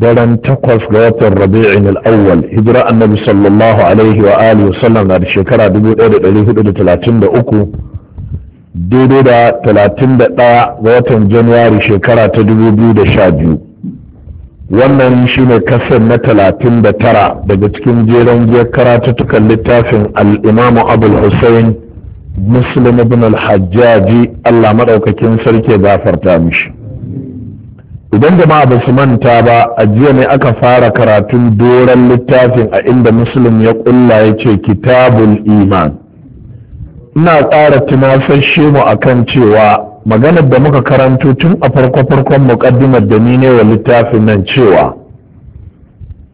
daren takwas ga watan rabi'in al'awwal hijira annabi sallallahu alaihi wa alihi wasallam na da shekara 1433 daidai da 31 ga watan januwari shekara ta 2012 wannan shine kasar na 39 daga cikin jeron biyar karatuttukan littafin al'imamu abul hussein muslim ibn al-hajjaji allah maɗaukakin sarki gafarta mishi idan jama'a ba su manta ba a jiya ne aka fara karatun doron littafin a inda musulun ya kulla ya ce kitabul iman ina tsara tunasashe mu akan cewa maganar da muka karanto tun a farko-farkon muƙaddimar da ni wa littafin nan cewa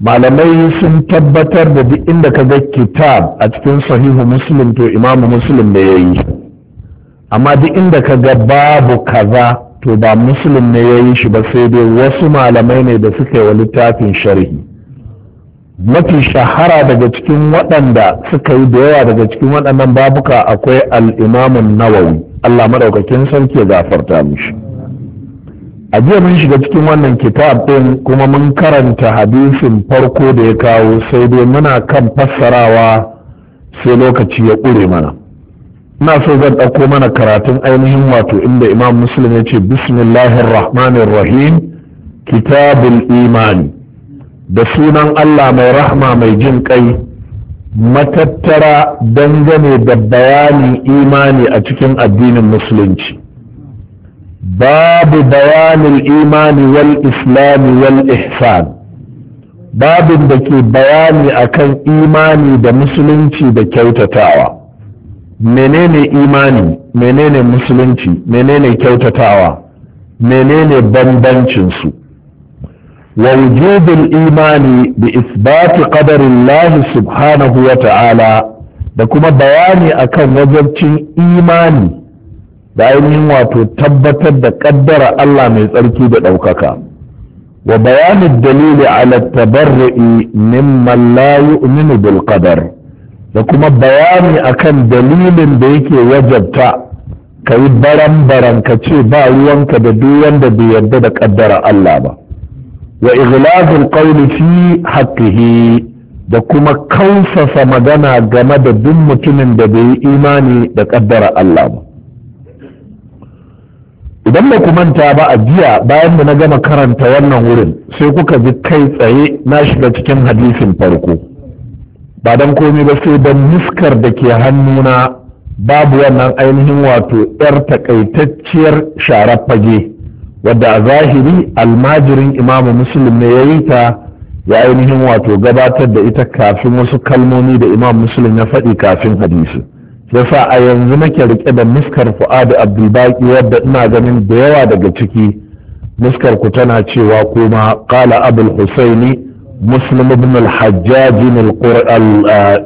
malamai sun tabbatar da duk inda ka ga kitab a cikin sahihu muslim to imamu muslim da ya yi amma duk inda ka ga babu kaza to ba musulun ne ya yi shi ba sai dai wasu malamai ne da suka yi wa littafin sharhi mafi shahara daga cikin waɗanda suka yi da yawa daga cikin waɗannan babuka akwai al'imamun nawawi allah maɗaukakin sarki ya gafarta mishi a jiya mun shiga cikin wannan kitab ɗin kuma mun karanta hadisin farko da ya kawo sai dai muna kan fassarawa sai lokaci ya ƙure mana na so zan ɗauko mana karatun ainihin wato inda imam muslim ya ce bismillahir rahmanir rahim kitabul imani da sunan allah mai rahma mai jin kai matattara dangane da bayanin imani a cikin addinin musulunci babu bayanin imani wal islami wal ihsan babin da ke bayani akan imani da musulunci da kyautatawa menene imani menene musulunci menene kyautatawa menene bambancinsu wa wujubul imani bi isbati qadarillahi subhanahu wa ta'ala da kuma bayani akan wajabcin imani da ainihin wato tabbatar da kaddara Allah mai tsarki da ɗaukaka wa bayanin dalili ala tabarru'i mimman la yu'minu bil qadar da kuma bayani akan dalilin da yake wajabta ka yi baran-baran ka ce ba ruwanka da duk wanda bai yarda da kaddara Allah ba wa ighlazul qawli fi haqqihi da kuma kausasa magana game da duk mutumin da bai yi imani da kaddara Allah ba idan ba ku manta ba a jiya bayan da na gama karanta wannan wurin sai kuka ji kai tsaye na shiga cikin hadisin farko ba don komai ba sai don muskar da ke hannuna babu wannan ainihin wato 'yar takaitacciyar sharar fage wadda a zahiri almajirin imamu muslim ne ya yi ta ya ainihin wato gabatar da ita kafin wasu kalmomi da imam muslim ya faɗi kafin hadisi yasa a yanzu nake rike da miskar fu'adu abdulbaki wadda ina ganin da yawa daga ciki miskar ku tana cewa kuma kala abul husaini مسلم بن الحجاج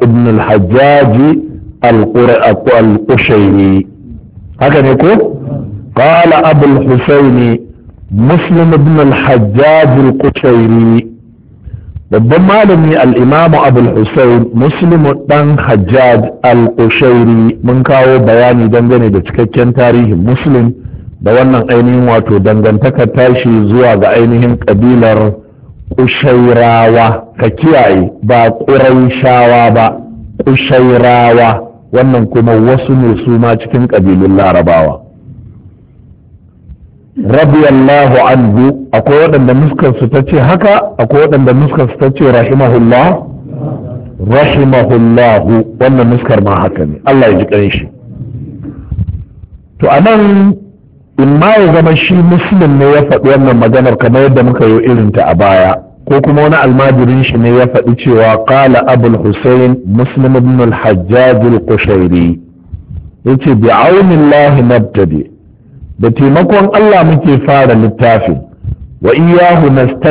ابن الحجاج القشيري هكذا يقول قال أبو الحسين مسلم بن الحجاج القشيري babban malami al'imamu abul hussein muslimu ɗan hajjaj al-ushairi mun kawo bayani dangane da cikakken tarihin muslim da wannan ainihin wato dangantakar tashi zuwa ga ainihin ƙabilar ƙushairawa ka kiyaye ba ƙuraishawa ba ƙushairawa wannan kuma wasu ne su ma cikin ƙabilun larabawa radiyallahu anhu akwai waɗanda muskarsu ta ce haka akwai waɗanda muskarsu ta ce rahimahullah rahimahullahu wannan muskar ma haka ne Allah ya ji ƙanshi to anan in ma ya zama shi muslim ne ya faɗi wannan maganar kamar yadda muka yi irinta a baya ko kuma wani almajirin shi ne ya faɗi cewa qala abul husayn muslim ibn al-hajjaj al-qushairi yace bi aunillahi nabtadi da taimakon Allah muke fara littafin wa iyyahu